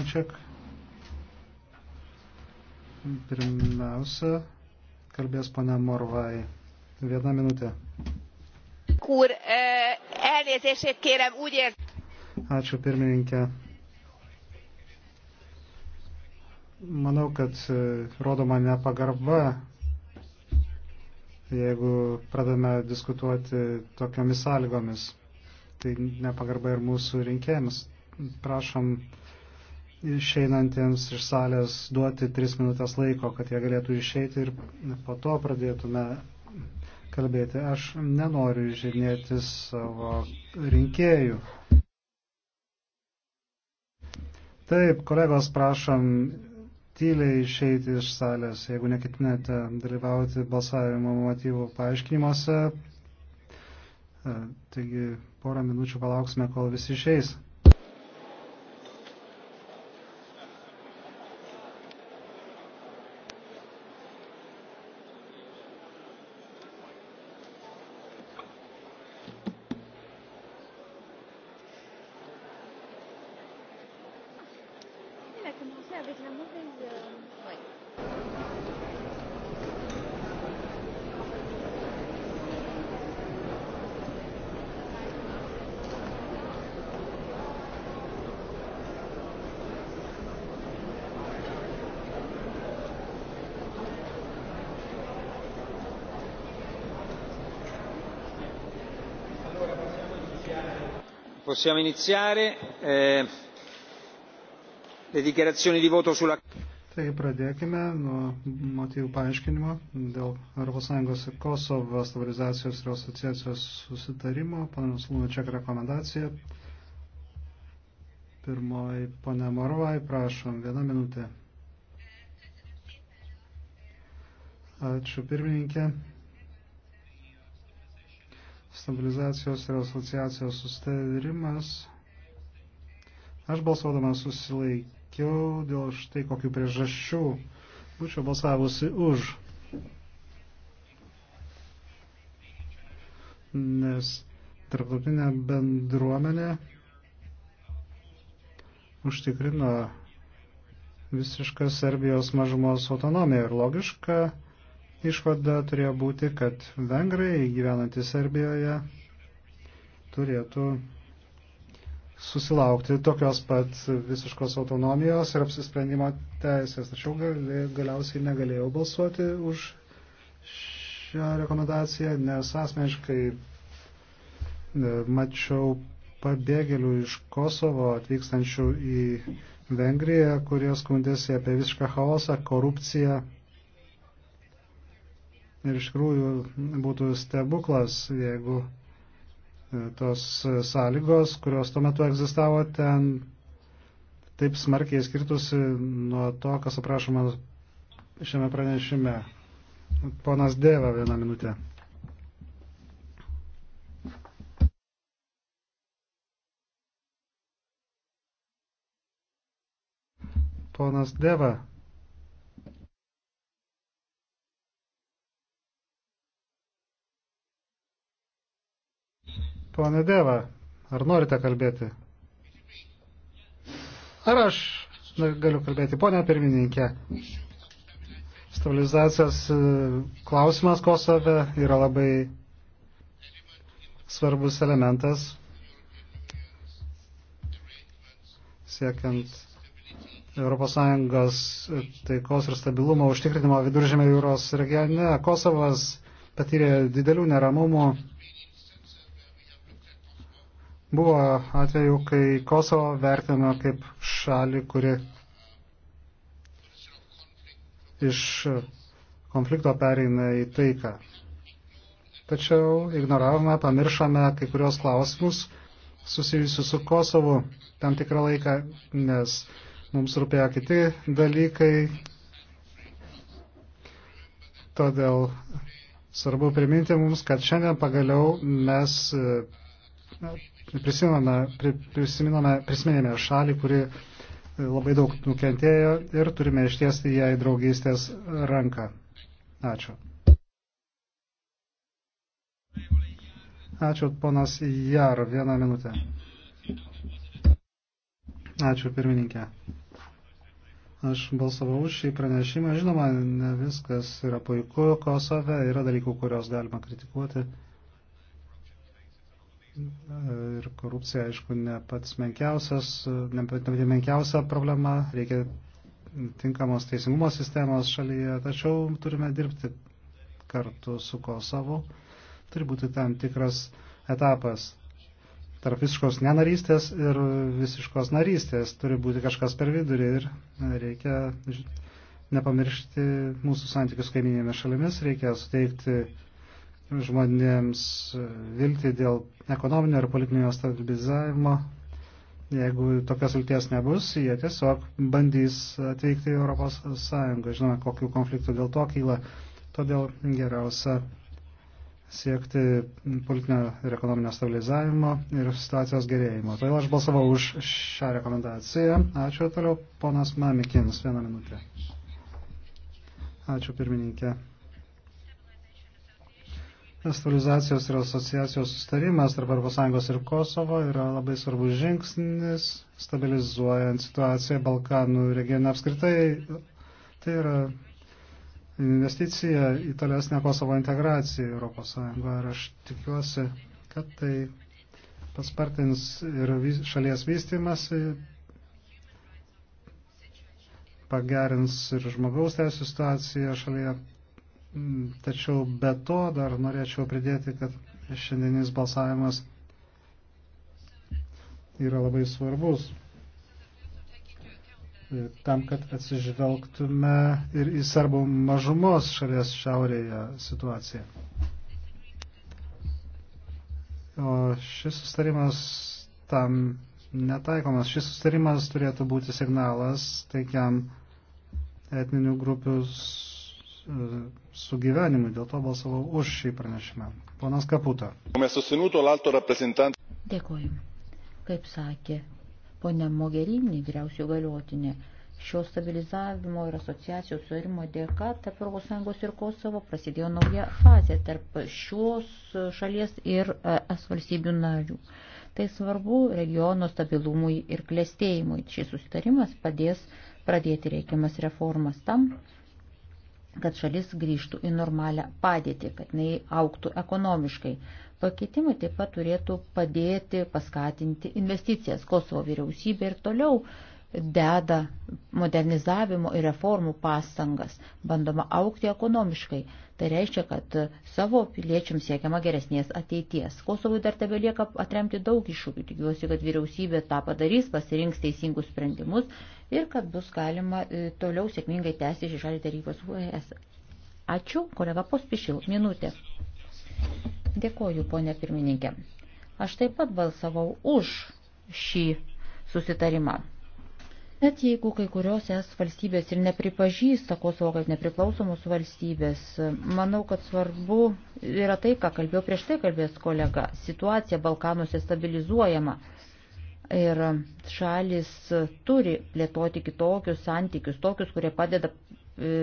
Lunaček. Pirmiausia, kalbės pana Morvai. Vieną minutę. Kur, e, elnézését kérem, úgy ér... Ačiū pirmininkė. Manau, kad e, rodoma nepagarba, jeigu pradame diskutuoti tokiamis sąlygomis. Tai nepagarba ir mūsų rinkėjams. Prašom išeinantiems iš salės duoti tris minutės laiko, kad jie galėtų išeiti ir po to pradėtume kalbėti. Aš nenoriu žinėti savo rinkėjų. Taip, kolegos, prašom tyliai išeiti iš salės, jeigu neketinate dalyvauti balsavimo motyvų paaiškinimuose. Taigi porą minučių palauksime, kol visi išeis. possiamo iniziare. Eh, le dichiarazioni di voto sulla. Taigi pradėkime nuo motyvų paaiškinimo dėl ES ir Kosovo stabilizacijos ir asociacijos susitarimo. Panas Lunačiak rekomendacija. Pirmoji, ponia Morovai, prašom, vieną minutę. Ačiū pirmininkė stabilizacijos ir asociacijos sustarimas. Aš balsuodamas susilaikiau dėl štai kokių priežasčių. Būčiau balsavusi už. Nes tarptautinė bendruomenė užtikrino visišką Serbijos mažumos autonomiją ir logiška Išvada turėjo būti, kad vengrai gyvenantys Serbijoje turėtų susilaukti tokios pat visiškos autonomijos ir apsisprendimo teisės. Tačiau gali, galiausiai negalėjau balsuoti už šią rekomendaciją, nes asmeniškai e, mačiau pabėgėlių iš Kosovo atvykstančių į Vengriją, kurie skundėsi apie visišką chaosą, korupciją Ir iš tikrųjų būtų stebuklas, jeigu e, tos sąlygos, kurios tuo metu egzistavo ten, taip smarkiai skirtusi nuo to, kas aprašoma šiame pranešime. Ponas Dėva vieną minutę. Ponas Dėva. Pone Deva, ar norite kalbėti? Ar aš galiu kalbėti? Pone pirmininkė, stabilizacijos e, klausimas Kosove yra labai svarbus elementas siekiant ES taikos ir stabilumo užtikrinimo viduržėmio jūros regione. Kosovas patyrė didelių neramumų Buvo atveju, kai Kosovo vertino kaip šalį, kuri iš konflikto pereina į taiką. Tačiau ignoravome, pamiršome kai kurios klausimus susijusius su Kosovu tam tikrą laiką, nes mums rūpėjo kiti dalykai. Todėl svarbu priminti mums, kad šiandien pagaliau mes prisimename, prisimename, prisiminėme šalį, kuri e, labai daug nukentėjo ir turime ištiesti ją į draugystės ranką. Ačiū. Ačiū, ponas Jar, vieną minutę. Ačiū, pirmininkė. Aš balsavau už šį pranešimą. Žinoma, ne viskas yra puiku Kosove, yra dalykų, kurios galima kritikuoti ir korupcija, aišku, ne pats menkiausias, ne pati menkiausia problema, reikia tinkamos teisingumo sistemos šalyje, tačiau turime dirbti kartu su Kosovu. Turi būti tam tikras etapas tarp visiškos nenarystės ir visiškos narystės. Turi būti kažkas per vidurį ir reikia nepamiršti mūsų santykius kaiminėmis šalimis, reikia suteikti žmonėms vilti dėl ekonominio ir politinio stabilizavimo. Jeigu tokios vilties nebus, jie tiesiog bandys atvykti į Europos Sąjungą. Žinoma, kokių konfliktų dėl to kyla. Todėl geriausia siekti politinio ir ekonominio stabilizavimo ir situacijos gerėjimo. Todėl aš balsavau už šią rekomendaciją. Ačiū toliau, ponas Mamikins, vieną minutę. Ačiū pirmininkė. Stabilizacijos ir asociacijos sustarimas tarp Europos Sąjungos ir Kosovo yra labai svarbus žingsnis, stabilizuojant situaciją Balkanų regione apskritai. Tai yra investicija į tolesnę Kosovo integraciją Europos Sąjungoje ir aš tikiuosi, kad tai paspartins ir šalies vystimasi, pagerins ir žmogaus teisų situaciją šalyje. Mm, tačiau be to dar norėčiau pridėti, kad šiandienis balsavimas yra labai svarbus tam, kad atsižvelgtume ir į serbų mažumos šalies šiaurėje situaciją. O šis sustarimas tam netaikomas. Šis sustarimas turėtų būti signalas taikiam etninių grupius sugyvenimui. Dėl to balsavau už šį pranešimą. Ponas Kaputa. Dėkoju. Kaip sakė ponia Mogerinė, vyriausių galiotinė, šio stabilizavimo ir asociacijos suarimo dėka tarp ES ir Kosovo prasidėjo nauja fazė tarp šios šalies ir e, es valstybių narių. Tai svarbu regiono stabilumui ir klėstėjimui. Šis sustarimas padės pradėti reikiamas reformas tam, kad šalis grįžtų į normalią padėtį, kad jinai auktų ekonomiškai. Pakeitimai taip pat turėtų padėti paskatinti investicijas. Kosovo vyriausybė ir toliau deda modernizavimo ir reformų pastangas, bandoma aukti ekonomiškai. Tai reiškia, kad savo piliečiams siekiama geresnės ateities. Kosovui dar tebe lieka atremti daug iššūkių. Tikiuosi, kad vyriausybė tą padarys, pasirinks teisingus sprendimus ir kad bus galima e, toliau sėkmingai tęsti šį šalį tarybos UES. Ačiū, kolega Pospišil, minutė. Dėkoju, ponė pirmininkė. Aš taip pat balsavau už šį susitarimą. Net jeigu kai kurios es valstybės ir nepripažįsta Kosovo kaip nepriklausomos valstybės, manau, kad svarbu yra tai, ką kalbėjau prieš tai kalbės kolega. Situacija Balkanuose stabilizuojama ir šalis turi plėtoti kitokius santykius, tokius, kurie padeda e,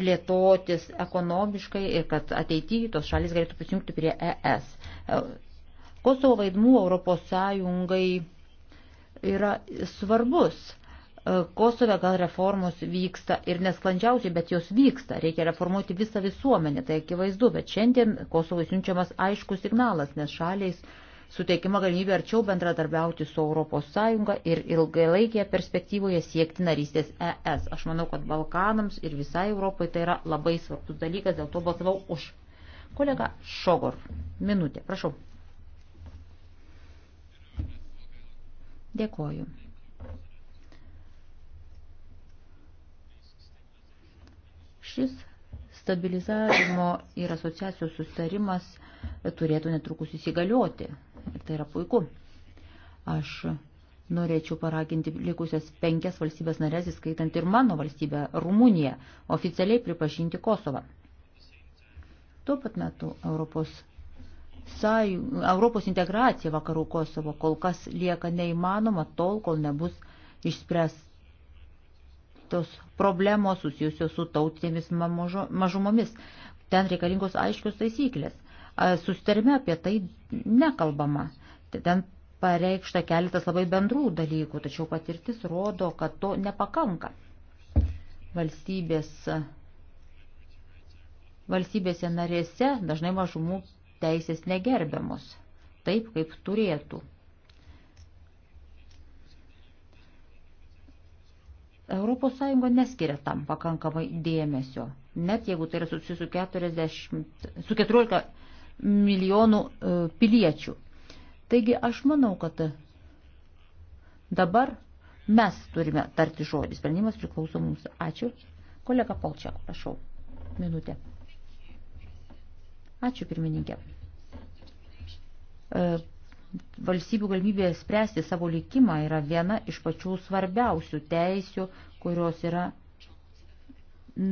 plėtotis ekonomiškai ir kad ateityje tos šalis galėtų prisijungti prie ES. E, Kosovo vaidmuo Europos Sąjungai yra svarbus Kosove gal reformos vyksta ir nesklandžiausiai, bet jos vyksta. Reikia reformuoti visą visuomenę, tai akivaizdu, bet šiandien Kosovui siunčiamas aiškus signalas, nes šaliais suteikima galimybė arčiau bendradarbiauti su ES ir ilgalaikėje perspektyvoje siekti narystės ES. Aš manau, kad Balkanams ir visai Europai tai yra labai svarbus dalykas, dėl to balsavau už. Kolega Šogor, minutė, prašau. Dėkoju. Šis stabilizavimo ir asociacijos sustarimas turėtų netrukus įsigalioti. Ir tai yra puiku. Aš norėčiau paraginti likusias penkias valstybės narės, įskaitant ir mano valstybę, Rumuniją, oficialiai pripažinti Kosovą. Tuo pat metu Europos, sąjung, Europos integracija vakarų Kosovo kol kas lieka neįmanoma tol, kol nebus išspręs tos problemos susijusios su tautinėmis mažumomis. Ten reikalingos aiškios taisyklės. Sustarime apie tai nekalbama. Ten pareikšta keletas labai bendrų dalykų, tačiau patirtis rodo, kad to nepakanka. Valstybės, valstybėse narėse dažnai mažumų teisės negerbiamos taip, kaip turėtų. ES neskiria tam pakankamai dėmesio, net jeigu tai yra susijusi su, 40, su 14 milijonų e, piliečių. Taigi aš manau, kad dabar mes turime tarti žodį. Sprendimas priklauso mums. Ačiū. Kolega Polčiak, prašau. Minutė. Ačiū, pirmininkė. E, valstybių galimybė spręsti savo likimą yra viena iš pačių svarbiausių teisių, kurios yra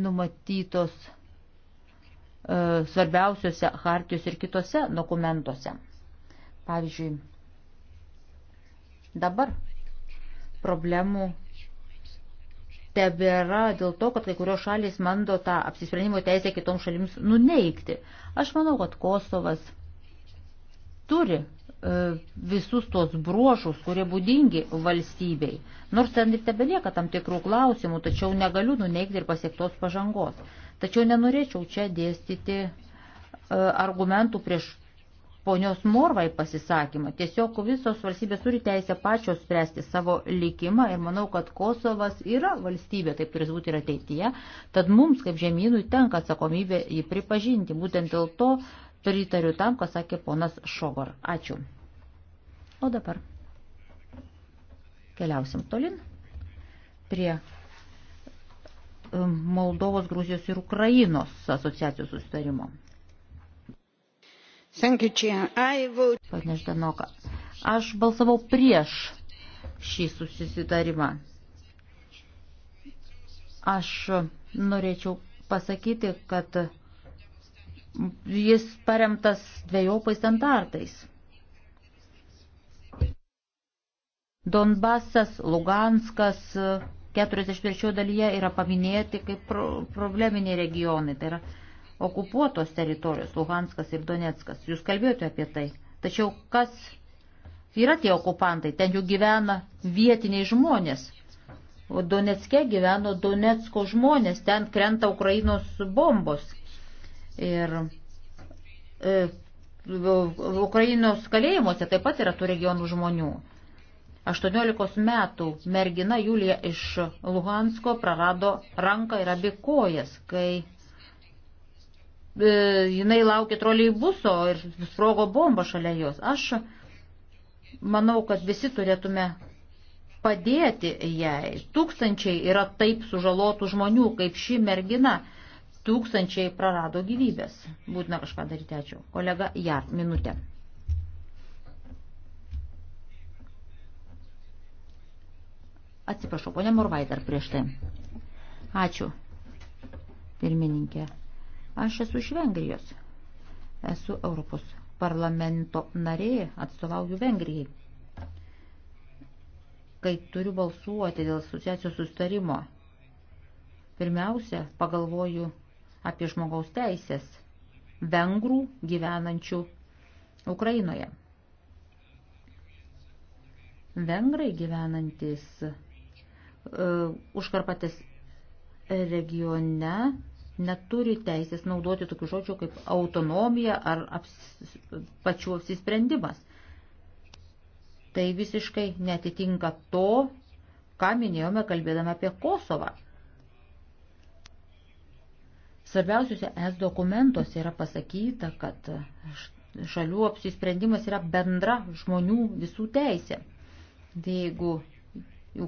numatytos e, svarbiausiose hartijos ir kitose dokumentuose. Pavyzdžiui, dabar problemų tebėra dėl to, kad kai kurios šalys mando tą apsisprendimo teisę kitoms šalims nuneikti. Aš manau, kad Kosovas turi E, visus tos bruožus, kurie būdingi valstybei. Nors ten ir tebelieka tam tikrų klausimų, tačiau negaliu nuneikti ir pasiektos pažangos. Tačiau nenorėčiau čia dėstyti e, argumentų prieš ponios Morvai pasisakymą. Tiesiog visos valstybės turi teisę pačios spręsti savo likimą ir manau, kad Kosovas yra valstybė, taip turės būti ir ateityje. Tad mums, kaip žemynui, tenka atsakomybė jį pripažinti. Būtent dėl to Pritariu tam, ką sakė ponas Šogor. Ačiū. O dabar keliausim tolin prie um, Moldovos, Gruzijos ir Ukrainos asociacijos susitarimo. Pane Ždanoka, aš balsavau prieš šį susitarimą. Aš norėčiau pasakyti, kad jis paremtas dviejopais standartais. Donbasas, Luganskas 43 dalyje yra paminėti kaip probleminiai regionai, tai yra okupuotos teritorijos, Luganskas ir Donetskas. Jūs kalbėjote apie tai. Tačiau kas yra tie okupantai? Ten jų gyvena vietiniai žmonės. O Donetske gyveno Donetsko žmonės, ten krenta Ukrainos bombos Ir e, Ukrainos kalėjimuose taip pat yra tų regionų žmonių. 18 metų mergina Julija iš Luhansko prarado ranką ir abi kojas, kai e, jinai laukė troliai buso ir sprogo bomba šalia jos. Aš manau, kad visi turėtume padėti jai. Tūkstančiai yra taip sužalotų žmonių, kaip ši mergina tūkstančiai prarado gyvybės. Būtina kažką daryti, ačiū. Kolega Jar, minutė. Atsiprašau, ponė Morvai dar prieš tai. Ačiū, pirmininkė. Aš esu iš Vengrijos. Esu Europos parlamento narė, atstovauju Vengrijai. Kai turiu balsuoti dėl asociacijos sustarimo, pirmiausia, pagalvoju apie žmogaus teisės vengrų gyvenančių Ukrainoje. Vengrai gyvenantis uh, užkarpatės regione neturi teisės naudoti tokių žodžių kaip autonomija ar aps, pačių apsisprendimas. Tai visiškai netitinka to, ką minėjome kalbėdami apie Kosovą. Svarbiausiuose es dokumentuose yra pasakyta, kad šalių apsisprendimas yra bendra žmonių visų teisė. Tai jeigu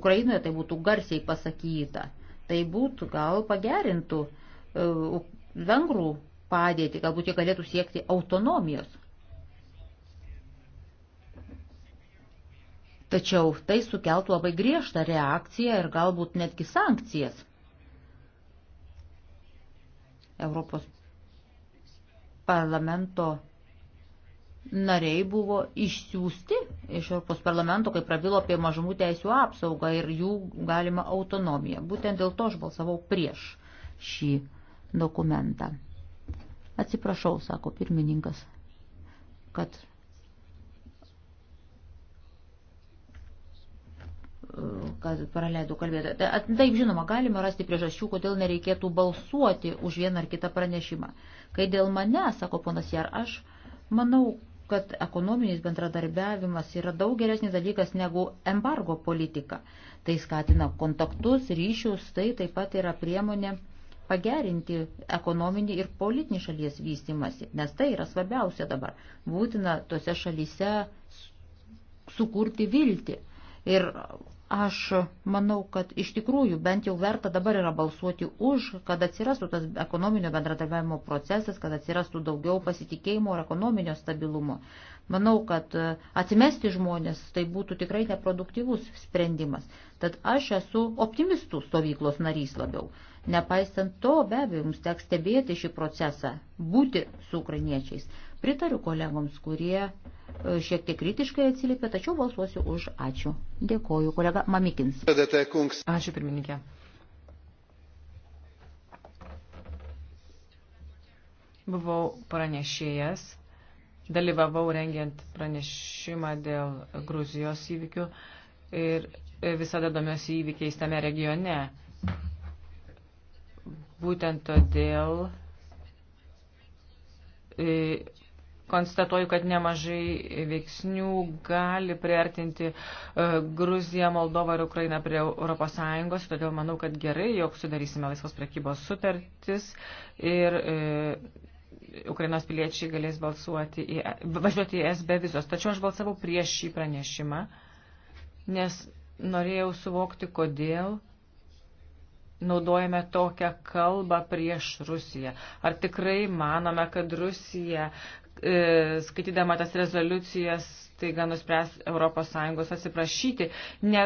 Ukrainoje tai būtų garsiai pasakyta, tai būtų gal pagerintų e, vengrų padėtį, galbūt jie galėtų siekti autonomijos. Tačiau tai sukeltų labai griežtą reakciją ir galbūt netgi sankcijas Europos parlamento nariai buvo išsiųsti iš Europos parlamento, kai prabilo apie mažumų teisų apsaugą ir jų galimą autonomiją. Būtent dėl to aš balsavau prieš šį dokumentą. Atsiprašau, sako pirmininkas, kad kad praleidau kalbėti. Taip, žinoma, galima rasti priežasčių, kodėl nereikėtų balsuoti už vieną ar kitą pranešimą. Kai dėl mane, sako ponas Jar, aš manau, kad ekonominis bendradarbiavimas yra daug geresnis dalykas negu embargo politika. Tai skatina kontaktus, ryšius, tai taip pat yra priemonė pagerinti ekonominį ir politinį šalies vystimasi, nes tai yra svarbiausia dabar. Būtina tose šalyse sukurti viltį. Ir Aš manau, kad iš tikrųjų bent jau verta dabar yra balsuoti už, kad atsirastų tas ekonominio bendradarbiavimo procesas, kad atsirastų daugiau pasitikėjimo ir ekonominio stabilumo. Manau, kad e, atmesti žmonės tai būtų tikrai neproduktyvus sprendimas. Tad aš esu optimistų stovyklos narys labiau. Nepaisant to, be abejo, mums teks stebėti šį procesą, būti su ukrainiečiais. Pritariu kolegoms, kurie šiek tiek kritiškai atsiliepė, tačiau balsuosiu už ačiū. Dėkoju, kolega Mamikins. Ačiū, pirmininkė. Buvau pranešėjas, dalyvavau rengiant pranešimą dėl Gruzijos įvykių ir visada domiuosi įvykiais tame regione. Būtent todėl e, konstatuoju, kad nemažai veiksnių gali priartinti e, Gruziją, Moldovą ir Ukrainą prie ES, todėl manau, kad gerai, jog sudarysime laisvos prekybos sutartis ir e, Ukrainos piliečiai galės balsuoti į, važiuoti į S be vizos. Tačiau aš balsavau prieš šį pranešimą, nes norėjau suvokti, kodėl naudojame tokią kalbą prieš Rusiją. Ar tikrai manome, kad Rusija E, skaitydama tas rezoliucijas, taiga nuspręs ES atsiprašyti. Ne,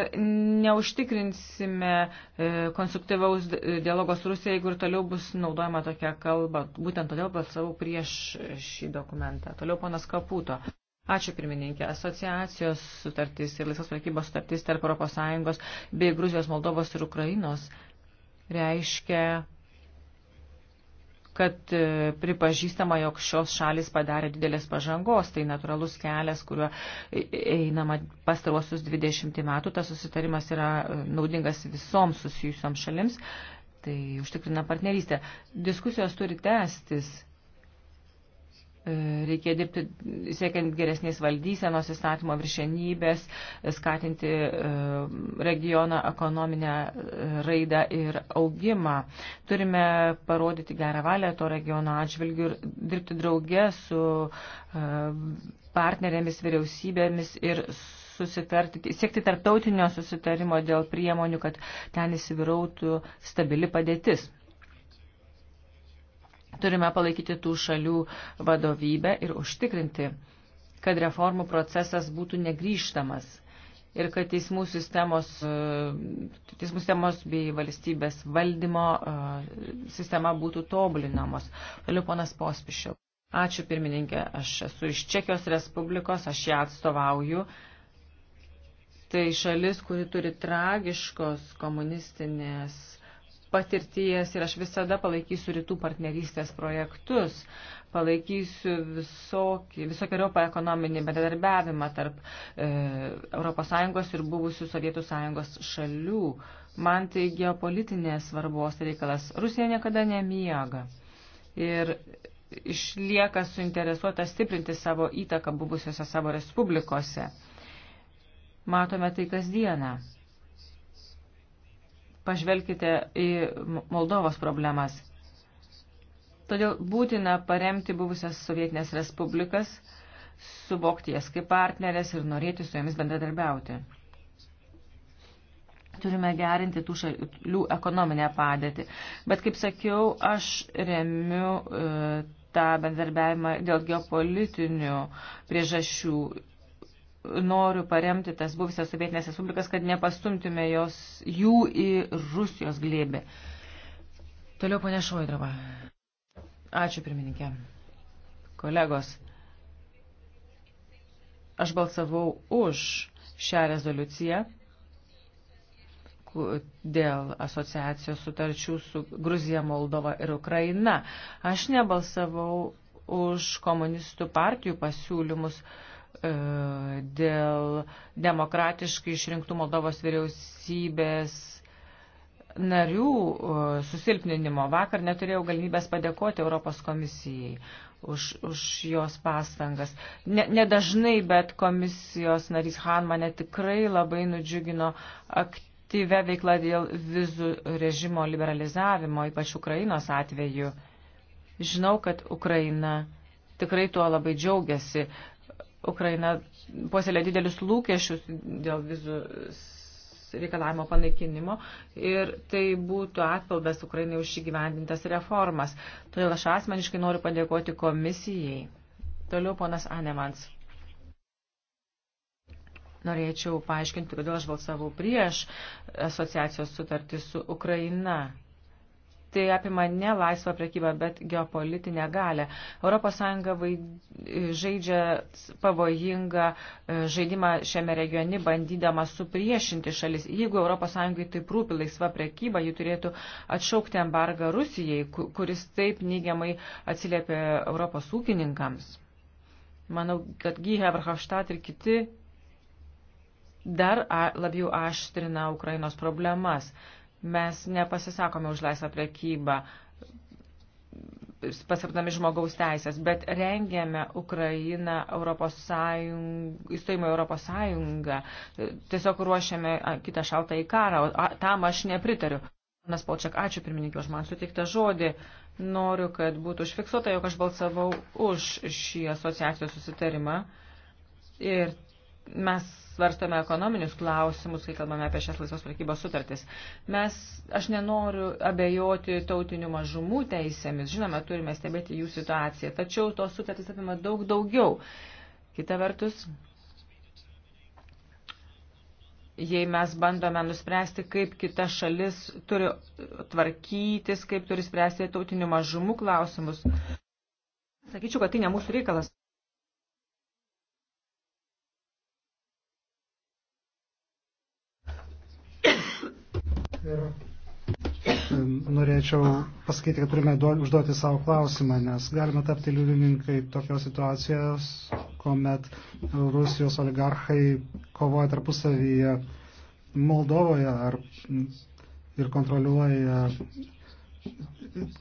neužtikrinsime e, konstruktyvaus dialogos su Rusija, jeigu ir toliau bus naudojama tokia kalba. Būtent todėl balsavau prieš šį dokumentą. Toliau ponas Kaputo. Ačiū pirmininkė. Asociacijos sutartys ir laisvos prekybos sutartys tarp ES bei Gruzijos, Moldovos ir Ukrainos reiškia kad e, pripažįstama, jog šios šalis padarė didelės pažangos. Tai natūralus kelias, kuriuo e, einama pastaruosius 20 metų. Tas susitarimas yra e, naudingas visoms susijusioms šalims. Tai užtikrina partnerystę. Diskusijos turi tęstis E, Reikia dirbti siekiant geresnės valdysenos įstatymo viršenybės, skatinti e, regiono ekonominę e, raidą ir augimą. Turime parodyti gerą valią to regiono atžvilgių ir dirbti drauge su partnerėmis, vyriausybėmis ir susitarti, siekti tarptautinio susitarimo dėl priemonių, kad ten įsivyrautų stabili padėtis. Turime palaikyti tų šalių vadovybę ir užtikrinti, kad reformų procesas būtų negryžtamas ir kad teismų sistemos, e, teismų sistemos bei valstybės valdymo e, sistema būtų tobulinamos. Toliau ponas Pospišiau. Ačiū pirmininkė, aš esu iš Čekijos Respublikos, aš ją atstovauju. Tai šalis, kuri turi tragiškos komunistinės patirties ir aš visada palaikysiu rytų partnerystės projektus, palaikysiu visokį, visokiojopą ekonominį bendradarbiavimą tarp e, ES ir buvusių Sovietų Sąjungos šalių. Man tai geopolitinės svarbos reikalas. Rusija niekada nemiega. Ir išlieka suinteresuota stiprinti savo įtaką buvusiuose savo respublikose. Matome tai kasdieną. Pažvelkite į Moldovos problemas. Todėl būtina paremti buvusias sovietinės respublikas, suvokti jas kaip partnerės ir norėti su jomis bendradarbiauti. Turime gerinti tų šalių ekonominę padėtį. Bet, kaip sakiau, aš remiu e, tą bendarbiavimą dėl geopolitinių priežasčių noriu paremti tas buvusias sovietinės respublikas, kad nepastumtume jos, jų į Rusijos glėbę. Toliau ponia Šoidrava. Ačiū pirmininkė. Kolegos, aš balsavau už šią rezoliuciją dėl asociacijos sutarčių su Gruzija, Moldova ir Ukraina. Aš nebalsavau už komunistų partijų pasiūlymus uh, E, dėl demokratiškai išrinktų Moldovos vyriausybės narių e, susilpninimo. Vakar neturėjau galimybės padėkoti Europos komisijai už, už jos pastangas. Ne, nedažnai, bet komisijos narys Han mane tikrai labai nudžiugino aktyvę veiklą dėl vizų režimo liberalizavimo, ypač Ukrainos atveju. Žinau, kad Ukraina tikrai tuo labai džiaugiasi. Ukraina puoselė didelius lūkesčius dėl vizų reikalavimo panaikinimo ir tai būtų atpildas Ukrainai už įgyvendintas reformas. Todėl aš asmeniškai noriu padėkoti komisijai. Toliau ponas Anemans. Norėčiau paaiškinti, kodėl aš balsavau prieš asociacijos sutartį su Ukraina tai apima ne laisvą prekybą, bet geopolitinę galę. ES žaidžia pavojingą e, žaidimą šiame regione, bandydama supriešinti šalis. Jeigu ES taip rūpi laisva prekyba, ji turėtų atšaukti embargą Rusijai, kuris taip neigiamai atsiliepia Europos ūkininkams. Manau, kad Gyhe, Verhofstadt ir kiti dar labiau aštrina Ukrainos problemas. Mes nepasisakome už laisvą prekybą, pasirtami žmogaus teisės, bet rengiame Ukrainą Europos Sąjungą, įstojimą Europos Sąjungą, tiesiog ruošiame kitą šaltą į karą, o tam aš nepritariu. Nas Polčiak, ačiū pirmininkė už man suteiktą žodį. Noriu, kad būtų užfiksuota, jog aš balsavau už šį asociacijos susitarimą ir mes svarstome ekonominius klausimus, kai kalbame apie šias laisvos prekybos sutartis. Mes, aš nenoriu abejoti tautinių mažumų teisėmis, žinoma, turime stebėti jų situaciją, tačiau tos sutartis apima daug daugiau. Kita vertus, jei mes bandome nuspręsti, kaip kita šalis turi tvarkytis, kaip turi spręsti tautinių mažumų klausimus, sakyčiau, kad tai ne mūsų reikalas. Ir ehm, norėčiau pasakyti, kad turime užduoti savo klausimą, nes galime tapti liudininkai tokios situacijos, kuomet Rusijos oligarchai kovoja tarpusavyje Moldovoje ar, ir kontroliuoja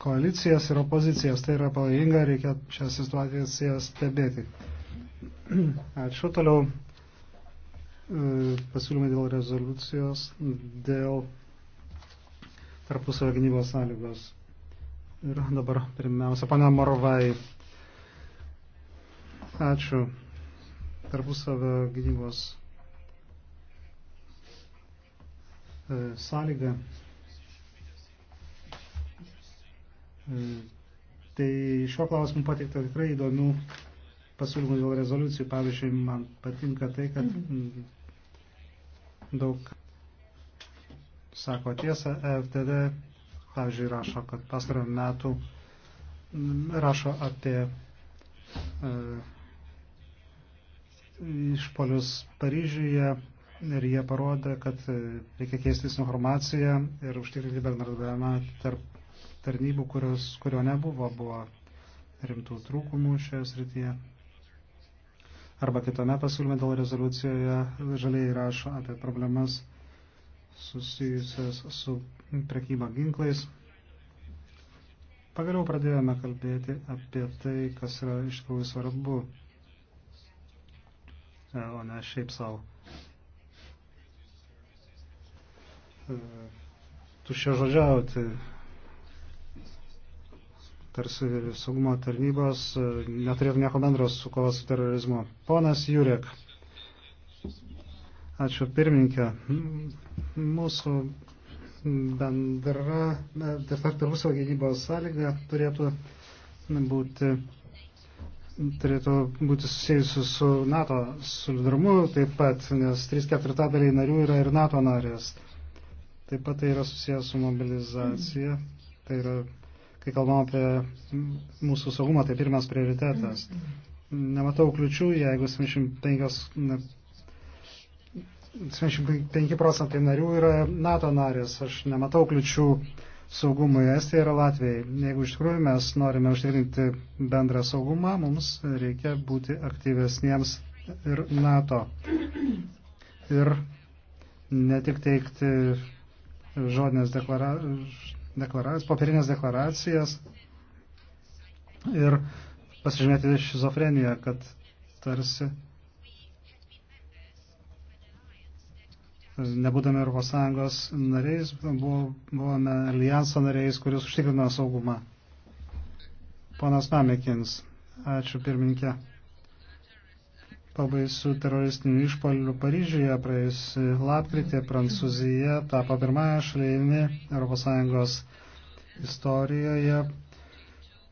koalicijas ir opozicijas. Tai yra pavojinga, reikia šią situaciją stebėti. Ačiū toliau e, pasiūlymai dėl rezoliucijos, dėl tarpusavio gynybos sąlygos. Ir dabar pirmiausia, pana Morvai. Ačiū. Tarpusavio gynybos e, sąlyga. E, tai šiuo klausimu pateikta tikrai įdomių pasiūlymų dėl rezoliucijų. Pavyzdžiui, man patinka tai, kad mhm. daug sako tiesą, FDD, pavyzdžiui, rašo, kad pastarojo metų mm, rašo apie e, išpolius Paryžiuje ir jie parodė, kad e, reikia keistis informaciją ir užtikrinti bendradarbiavimą tarp tarnybų, kurios, kurio nebuvo, buvo rimtų trūkumų šioje srityje. Arba kitame pasiūlyme dėl rezoliucijoje žaliai rašo apie problemas susijusias su prekyba ginklais. Pagaliau pradėjome kalbėti apie tai, kas yra iš tikrųjų svarbu, e, o ne šiaip savo. E, Tušia žodžiauti, tarsi saugumo tarnybos e, neturėtų nieko bendro su kovas su terorizmu. Ponas Jurek. Ačiū pirmininkė. Mūsų bendra, tarpusavio gynybos sąlyga turėtų būti, turėtų būti susijusi su NATO solidarumu taip pat, nes 3 ketvirtadaliai narių yra ir NATO narės. Taip pat tai yra susijęs su mobilizacija. Tai yra, kai kalbam apie mūsų saugumą, tai pirmas prioritetas. Nematau kliučių, jeigu 75 75 procentai narių yra NATO narės. Aš nematau kliučių saugumui Estija ir Latvijai. Jeigu iš tikrųjų mes norime užtikrinti bendrą saugumą, mums reikia būti aktyvesniems ir NATO. Ir ne tik teikti žodinės deklara... deklaracijas, popierinės deklaracijas ir pasižymėti šizofreniją, kad tarsi nebūdami Europos Sąjungos nariais, buvome alijanso nariais, kuris užtikrino saugumą. Ponas Mamekins, ačiū pirmininkė. Pabaisių teroristinių išpolių Paryžiuje praėjusį lapkritį Prancūzija tapo pirmąją šalimi Europos Sąjungos istorijoje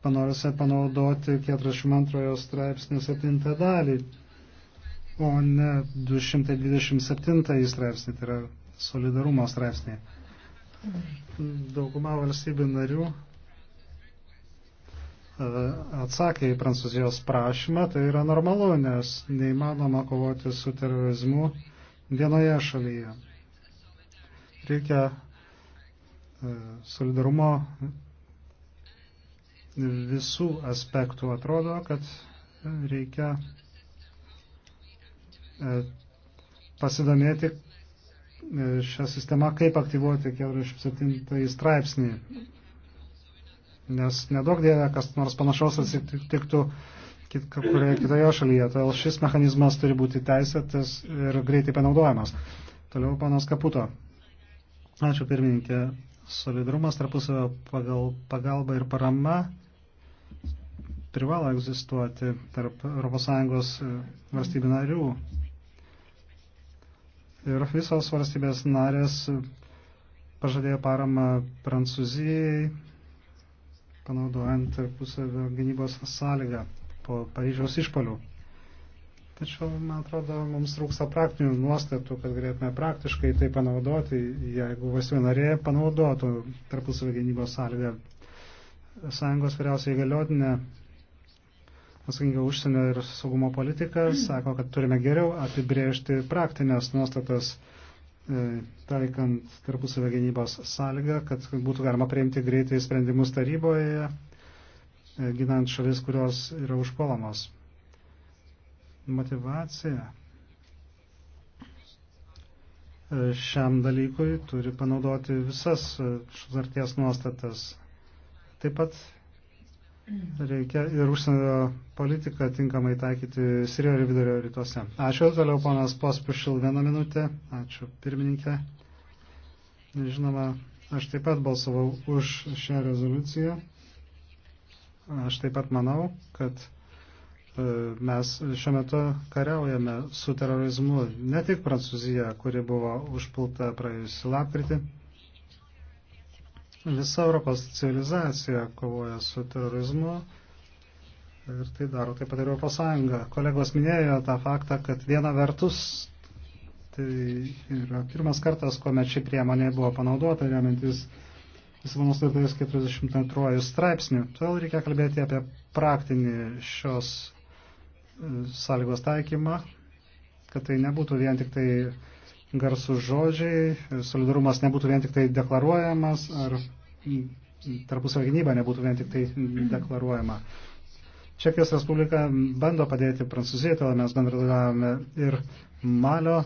panorusią panaudoti 42 straipsnių 7 dalį o ne 227 straipsnį, tai yra solidarumo straipsnį. Dauguma valstybių narių e, atsakė į Prancūzijos prašymą, tai yra normalu, nes neįmanoma kovoti su terorizmu vienoje šalyje. Reikia e, solidarumo visų aspektų. Atrodo, kad reikia E, pasidomėti e, šią sistemą, kaip aktyvuoti 47 straipsnį. Nes nedaug dievė, kas nors panašaus atsitiktų kit, kurioje kitoje šalyje. Todėl šis mechanizmas turi būti teisėtas ir greitai panaudojamas. Toliau panas Kaputo. Ačiū pirmininkė. Solidarumas tarpusavio pagal, pagalba ir parama privalo egzistuoti tarp ES e, valstybių narių Ir visos valstybės narės pažadėjo paramą Prancūzijai, panaudojant tarpusavio gynybos sąlygą po Paryžiaus išpolių. Tačiau, man atrodo, mums trūksta praktinių nuostatų, kad galėtume praktiškai tai panaudoti, jeigu valstybė narė panaudotų tarpusavio gynybos sąlygą. Sąjungos vyriausiai galiotinė atsakinga užsienio ir saugumo politika, mm. sako, kad turime geriau apibrėžti praktinės nuostatas e, taikant tarpusavio gynybos sąlygą, kad būtų galima priimti greitai sprendimus taryboje, e, ginant šalis, kurios yra užpuolamos. Motivacija e, šiam dalykui turi panaudoti visas sutarties nuostatas. Taip pat Mm. reikia ir užsienio politiką tinkamai taikyti Sirijoje ir Vidurio rytuose. Ačiū, toliau ponas Pospišil vieną minutę. Ačiū, pirmininkė. Žinoma, aš taip pat balsavau už šią rezoliuciją. Aš taip pat manau, kad e, mes šiuo metu kariaujame su terorizmu ne tik Prancūzija, kuri buvo užpulta praėjusį lapkritį. Visa Europos civilizacija kovoja su terorizmu ir tai daro taip pat ir Europos Sąjunga. Kolegos minėjo tą faktą, kad viena vertus tai yra pirmas kartas, kuomet ši priemonė buvo panaudota remiantis Lisabonos sutarties 42 straipsnių. Todėl reikia kalbėti apie praktinį šios e, sąlygos taikymą, kad tai nebūtų vien tik tai garsų žodžiai, solidarumas nebūtų vien tik tai deklaruojamas ar tarpusavio gynyba nebūtų vien tik tai deklaruojama. Čekijos Respublika bando padėti Prancūzijai, todėl mes bendradavome ir Malio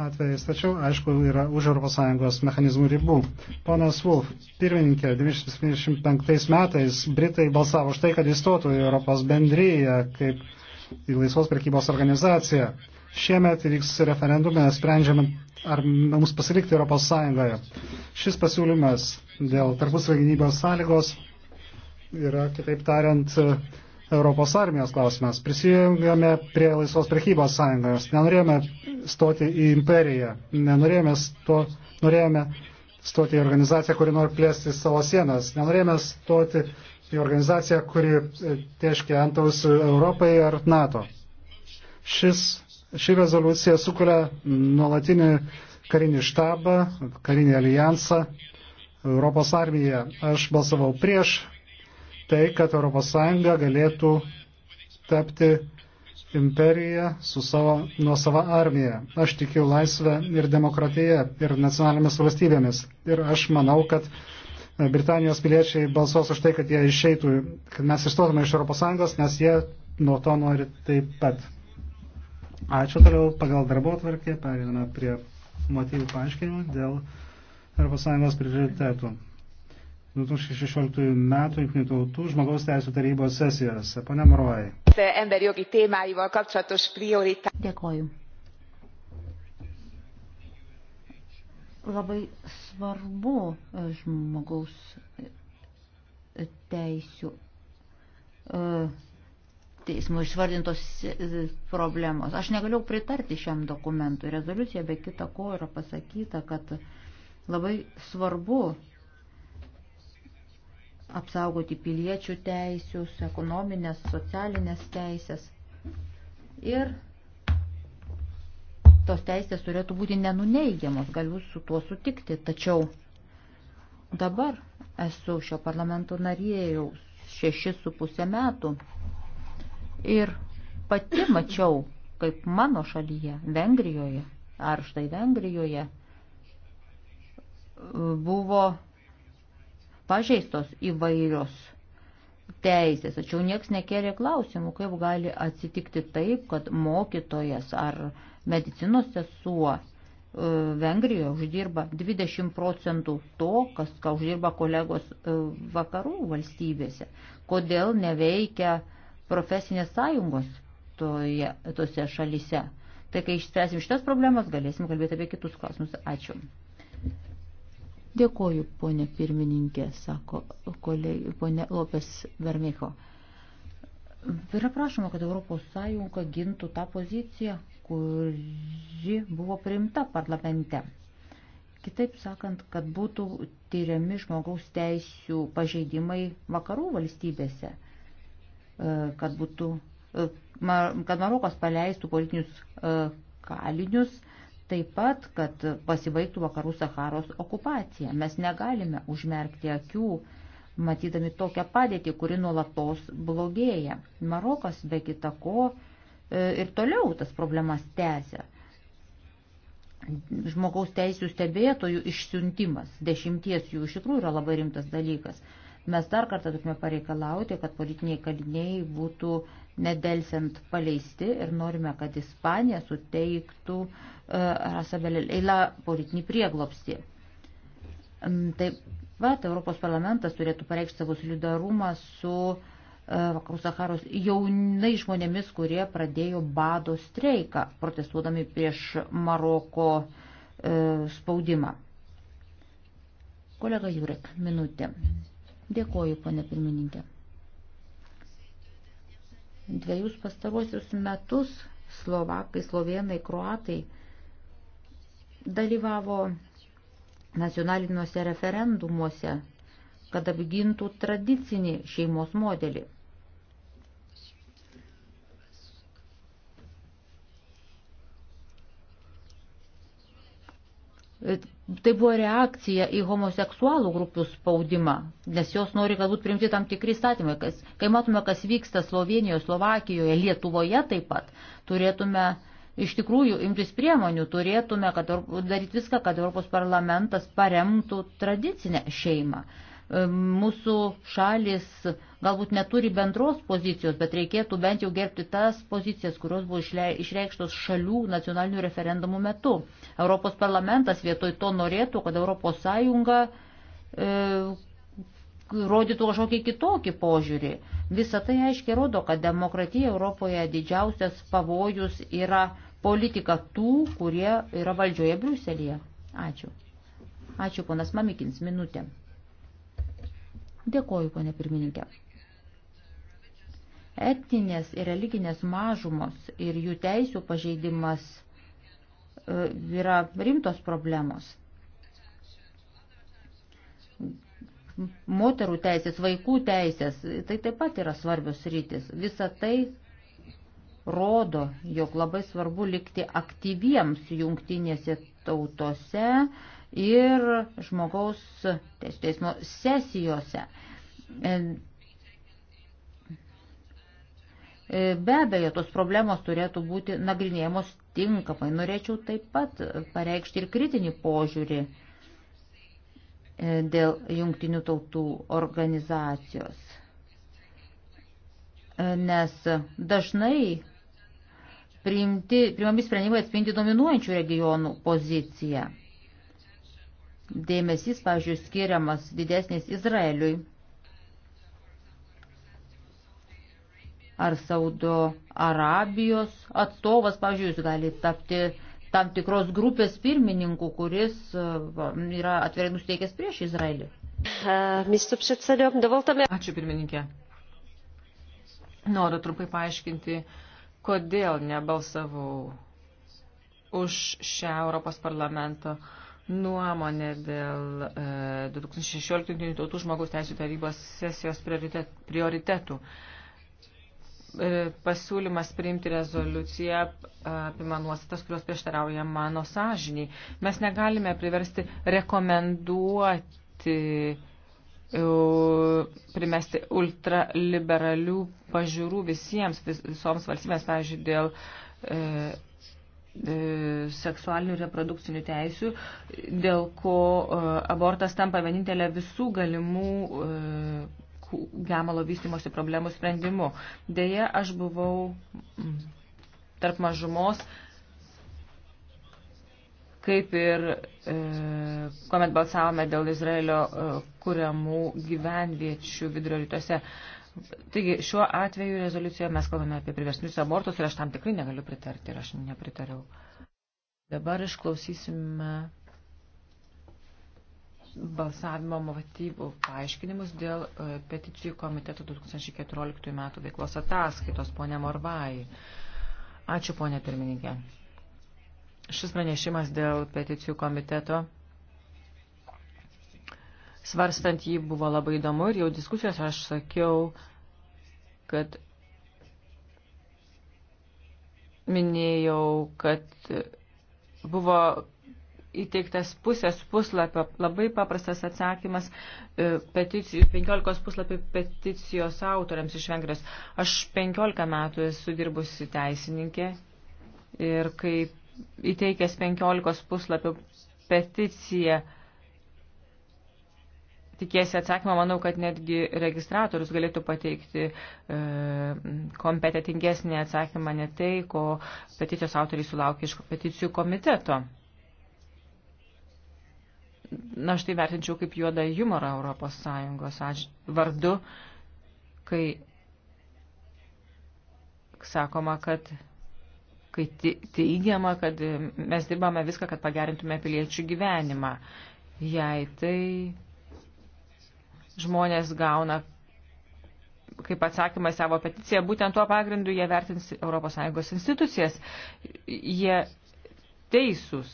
atvejais, tačiau, aišku, yra už ES mechanizmų ribų. Ponas Wolf, pirmininkė, 1975 metais Britai balsavo už tai, kad įstotų į Europos bendryją kaip į laisvos prekybos organizaciją. Šiemet įvyks referendume, sprendžiame, ar mums pasilikti Europos Sąjungoje. Šis pasiūlymas dėl tarpusavio gynybos sąlygos yra, kitaip tariant, Europos armijos klausimas. Prisijungėme prie laisvos prekybos sąjungos. Nenorėjome stoti į imperiją. Nenorėjome sto, norėjome stoti į organizaciją, kuri nori plėsti savo sienas. Nenorėjome stoti į organizaciją, kuri teškia antaus Europai ar NATO. Šis Ši rezoliucija sukuria nuolatinį karinį štabą, karinį alijansą Europos armiją. Aš balsavau prieš tai, kad ES galėtų tapti imperiją su savo nuosava armija. Aš tikiu laisvę ir demokratiją ir nacionalinėmis valstybėmis. Ir aš manau, kad Britanijos piliečiai balsuos už tai, kad jie išeitų, kad mes išstotume iš ES, nes jie nuo to nori taip pat. Ačiū toliau pagal darbo tvarkę, periname prie motyvų paaiškinimų dėl ES prioritetų. 2016 metų Junktinių tautų žmogaus teisų tarybos sesijose. Pane Morojai. Dėkoju. Labai svarbu e, žmogaus teisų. Uh, teismų išvardintos e, problemos. Aš negaliu pritarti šiam dokumentui. Rezoliucija be kita ko yra pasakyta, kad labai svarbu apsaugoti piliečių teisius, ekonominės, socialinės teisės. Ir tos teisės turėtų būti nenuneigiamos, galiu su tuo sutikti, tačiau dabar esu šio parlamento narėjau šešis su pusę metų Ir pati mačiau, kaip mano šalyje, Vengrijoje, ar štai Vengrijoje, buvo pažeistos įvairios teisės, tačiau nieks nekėlė klausimų, kaip gali atsitikti taip, kad mokytojas ar medicinos sesuo e, Vengrijoje uždirba 20 procentų to, kas ką uždirba kolegos e, vakarų valstybėse. Kodėl neveikia uh, profesinės sąjungos toje, tose šalyse. Tai kai išspręsim šitas problemas, galėsim kalbėti apie kitus klausimus. Ačiū. Dėkoju, ponė pirmininkė, sako kolegė, ponė Lopes Vermecho. Yra prašoma, kad ES gintų tą poziciją, kuri buvo priimta parlamente. Kitaip sakant, kad būtų tyriami žmogaus teisų pažeidimai vakarų valstybėse. E, kad, būtų, e, kad Marokas paleistų politinius e, kalinius, taip pat, kad pasibaigtų vakarų Saharos okupacija. Mes negalime užmerkti akių, matydami tokią padėtį, kuri nuolatos blogėja. Marokas be kita ko ir toliau tas problemas tęsia. Žmogaus teisų stebėtojų išsiuntimas, dešimties jų iš tikrųjų yra labai rimtas dalykas. Mes dar kartą turime pareikalauti, kad politiniai kaliniai būtų nedelsiant paleisti ir norime, kad Ispanija suteiktų uh, e, Rasabelė Leila politinį prieglopstį. Taip pat Europos parlamentas turėtų pareikšti savo solidarumą su e, Vakarų Saharos jaunai žmonėmis, kurie pradėjo bado streiką, protestuodami prieš Maroko e, spaudimą. Kolega Jurek, minutė. Dėkoju, ponė pirmininkė. Dviejus pastaruosius metus Slovakai, Slovenai, Kroatai dalyvavo nacionaliniuose referendumuose, kad apgintų tradicinį šeimos modelį. Tai buvo reakcija į homoseksualų grupių spaudimą, nes jos nori galbūt priimti tam tikri įstatymai. Kas, kai matome, kas vyksta Slovenijoje, Slovakijoje, Lietuvoje taip pat, turėtume iš tikrųjų imtis priemonių, turėtume kad, daryti viską, kad Europos parlamentas paremtų tradicinę šeimą. Mūsų šalis galbūt neturi bendros pozicijos, bet reikėtų bent jau gerbti tas pozicijas, kurios buvo išreikštos šalių nacionalinių referendumų metu. Europos parlamentas vietoj to norėtų, kad Europos Sąjunga e, rodytų kažkokį kitokį požiūrį. Visą tai aiškiai rodo, kad demokratija Europoje didžiausias pavojus yra politika tų, kurie yra valdžioje Briuselėje. Ačiū. Ačiū, ponas Mamikins, minutė. Dėkoju, ponė pirmininkė. Etninės ir religinės mažumos ir jų teisų pažeidimas e, yra rimtos problemos. Moterų teisės, vaikų teisės, tai taip pat yra svarbios rytis. Visa tai rodo, jog labai svarbu likti aktyviems jungtinėse tautose, ir žmogaus teismo sesijose. Be abejo, tos problemos turėtų būti nagrinėjamos tinkamai. Norėčiau taip pat pareikšti ir kritinį požiūrį dėl jungtinių tautų organizacijos. Nes dažnai priimti, priimami sprendimai atspindi dominuojančių regionų poziciją dėmesys, pavyzdžiui, skiriamas didesnis Izraeliui ar Saudo Arabijos atstovas, pavyzdžiui, jis gali tapti tam tikros grupės pirmininku, kuris e, yra atvirai nusteikęs prieš Izraelį. E, Ačiū pirmininkė. Noriu trumpai paaiškinti, kodėl nebalsavau už šią Europos parlamento uh, nuomonę dėl 2016 e, tautų žmogaus teisų tarybos sesijos prioritetų. E, pasiūlymas priimti rezoliuciją apima nuostatas, kurios prieštarauja mano sąžiniai. Mes negalime priversti rekomenduoti e, primesti ultraliberalių pažiūrų visiems, visoms valstybėms, pavyzdžiui, dėl e, E, seksualinių ir reprodukcinių teisių, dėl ko e, abortas tampa vienintelė visų galimų e, gemalo vystimosi problemų sprendimu. Deja, aš buvau mm, tarp mažumos, kaip ir e, kuomet balsavome dėl Izraelio e, kuriamų gyvenviečių vidurio rytuose. E, Taigi šiuo atveju rezoliucijoje mes kalbame apie priversnius abortus ir aš tam tikrai negaliu pritarti ir aš nepritariau. Dabar išklausysime balsavimo motyvų paaiškinimus dėl e, peticijų komiteto 2014 metų veiklos ataskaitos, ponė Morvai. Ačiū, ponė pirmininkė. Šis pranešimas dėl peticijų komiteto svarstant jį buvo labai įdomu ir jau diskusijos aš sakiau, kad minėjau, kad buvo įteiktas pusės puslapio, labai paprastas atsakymas e, peticijų, 15 puslapį peticijos autoriams iš Vengrijos. Aš 15 metų esu dirbusi teisininkė ir kai įteikęs 15 puslapio peticiją, tikėsi atsakymą, manau, kad netgi registratorius galėtų pateikti e, kompetitingesnį atsakymą, ne tai, ko peticijos autoriai sulaukė iš peticijų komiteto. Na, aš tai vertinčiau kaip juodą humorą Europos Sąjungos aš, vardu, kai sakoma, kad kai teigiama, kad mes dirbame viską, kad pagerintume piliečių gyvenimą. Jei tai žmonės gauna kaip atsakymą į savo peticiją, būtent tuo pagrindu jie vertins ES institucijas. Jie teisūs.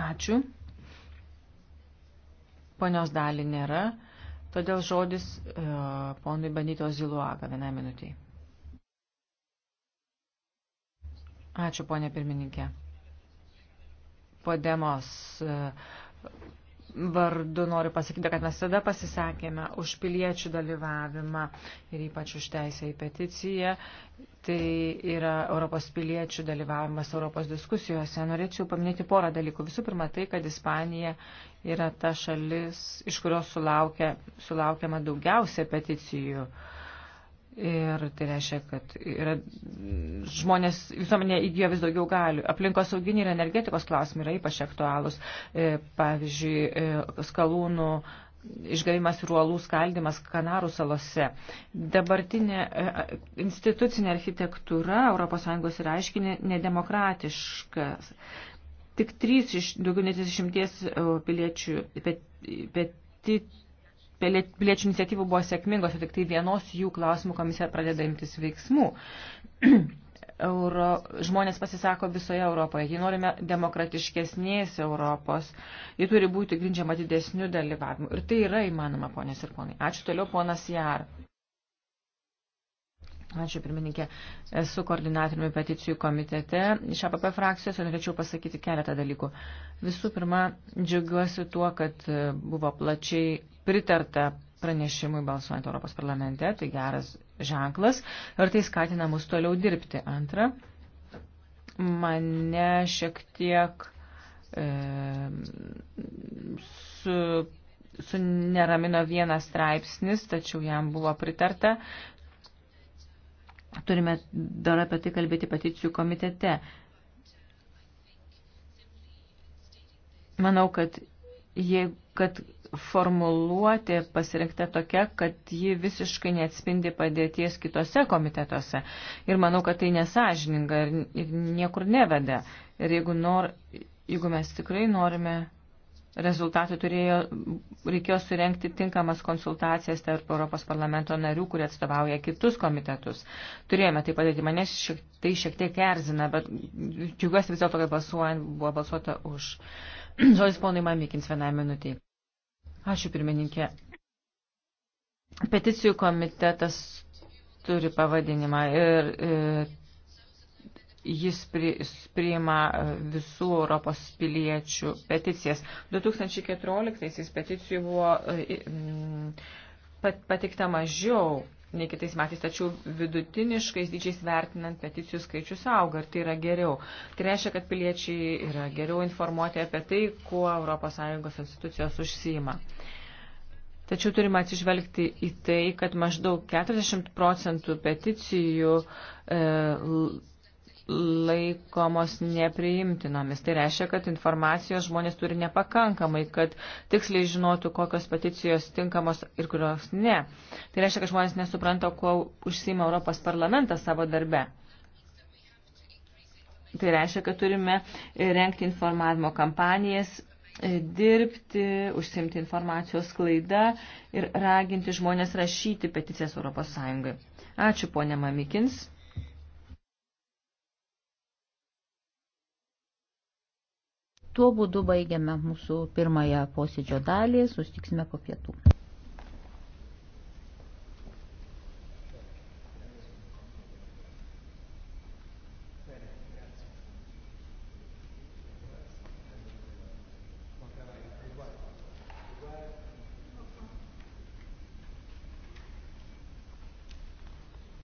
Ačiū. Ponios dalį nėra, todėl žodis e, ponui Banito Ziluaga vienai minutiai. Ačiū, ponė pirmininkė. Podemos e, vardu noriu pasakyti, kad mes tada pasisakėme už piliečių dalyvavimą ir ypač už teisę į peticiją. Tai yra Europos piliečių dalyvavimas Europos diskusijose. Norėčiau paminėti porą dalykų. Visų pirma, tai, kad Ispanija yra ta šalis, iš kurios sulaukia, sulaukiama daugiausia peticijų. Uh, Ir tai reiškia, kad yra žmonės, visuomenė įgyjo vis daugiau galių. Aplinkos sauginiai ir energetikos klausimai yra ypač aktualūs. E, pavyzdžiui, e, skalūnų išgavimas ir uolų skaldimas Kanarų salose. Dabartinė e, institucinė architektūra ES yra aiškinė nedemokratiškas. Tik trys iš daugiau nei 30 piliečių petit piliečių iniciatyvų buvo sėkmingos, tik tai vienos jų klausimų komisija pradeda imtis veiksmų. Euro, žmonės pasisako visoje Europoje. Jei norime demokratiškesnės Europos, ji turi būti grindžiama didesniu dalyvavimu. Ir tai yra įmanoma, ponės ir ponai. Ačiū toliau, ponas Jar. Ačiū, pirmininkė. Esu koordinatoriumi peticijų komitete. Iš APP frakcijos norėčiau pasakyti keletą dalykų. Visų pirma, džiaugiuosi tuo, kad e, buvo plačiai pritarta pranešimui balsuojant Europos parlamente. Tai geras ženklas ir tai skatina mus toliau dirbti. Antra, mane šiek tiek e, su suneramino vienas straipsnis, tačiau jam buvo pritarta. Turime dar apie tai kalbėti peticijų komitete. Manau, kad, jie, kad formuluoti pasirinkta tokia, kad ji visiškai neatspindi padėties kitose komitetuose. Ir manau, kad tai nesažininga ir, ir niekur neveda. Ir jeigu, nor, jeigu mes tikrai norime rezultatų turėjo, reikėjo surenkti tinkamas konsultacijas tarp Europos parlamento narių, kurie atstovauja kitus komitetus. Turėjome tai padėti, mane šiek, tai šiek tiek erzina, bet džiugiuosi vis dėlto, kad balsuojant buvo balsuota už. Žodis ponui Mamikins vienai minutį. Ačiū pirmininkė. Peticijų komitetas turi pavadinimą ir, ir jis priima e, visų Europos piliečių peticijas. 2014 peticijų buvo e, patikta mažiau nei kitais metais, tačiau vidutiniškais dydžiais vertinant peticijų skaičius auga ir tai yra geriau. Tai reiškia, kad piliečiai yra geriau informuoti apie tai, kuo ES institucijos užsijima. Tačiau turime atsižvelgti į tai, kad maždaug 40 procentų peticijų e, laikomos nepriimtinomis. Tai reiškia, kad informacijos žmonės turi nepakankamai, kad tiksliai žinotų, kokios peticijos tinkamos ir kurios ne. Tai reiškia, kad žmonės nesupranta, kuo užsima Europos parlamentas savo darbe. Tai reiškia, kad turime renkti informavimo kampanijas, dirbti, užsimti informacijos klaidą ir raginti žmonės rašyti peticijas Europos Sąjungai. Ačiū, ponė Mamikins. Tuo būdu baigiame mūsų pirmąją posėdžio dalį, sustiksime po pietų.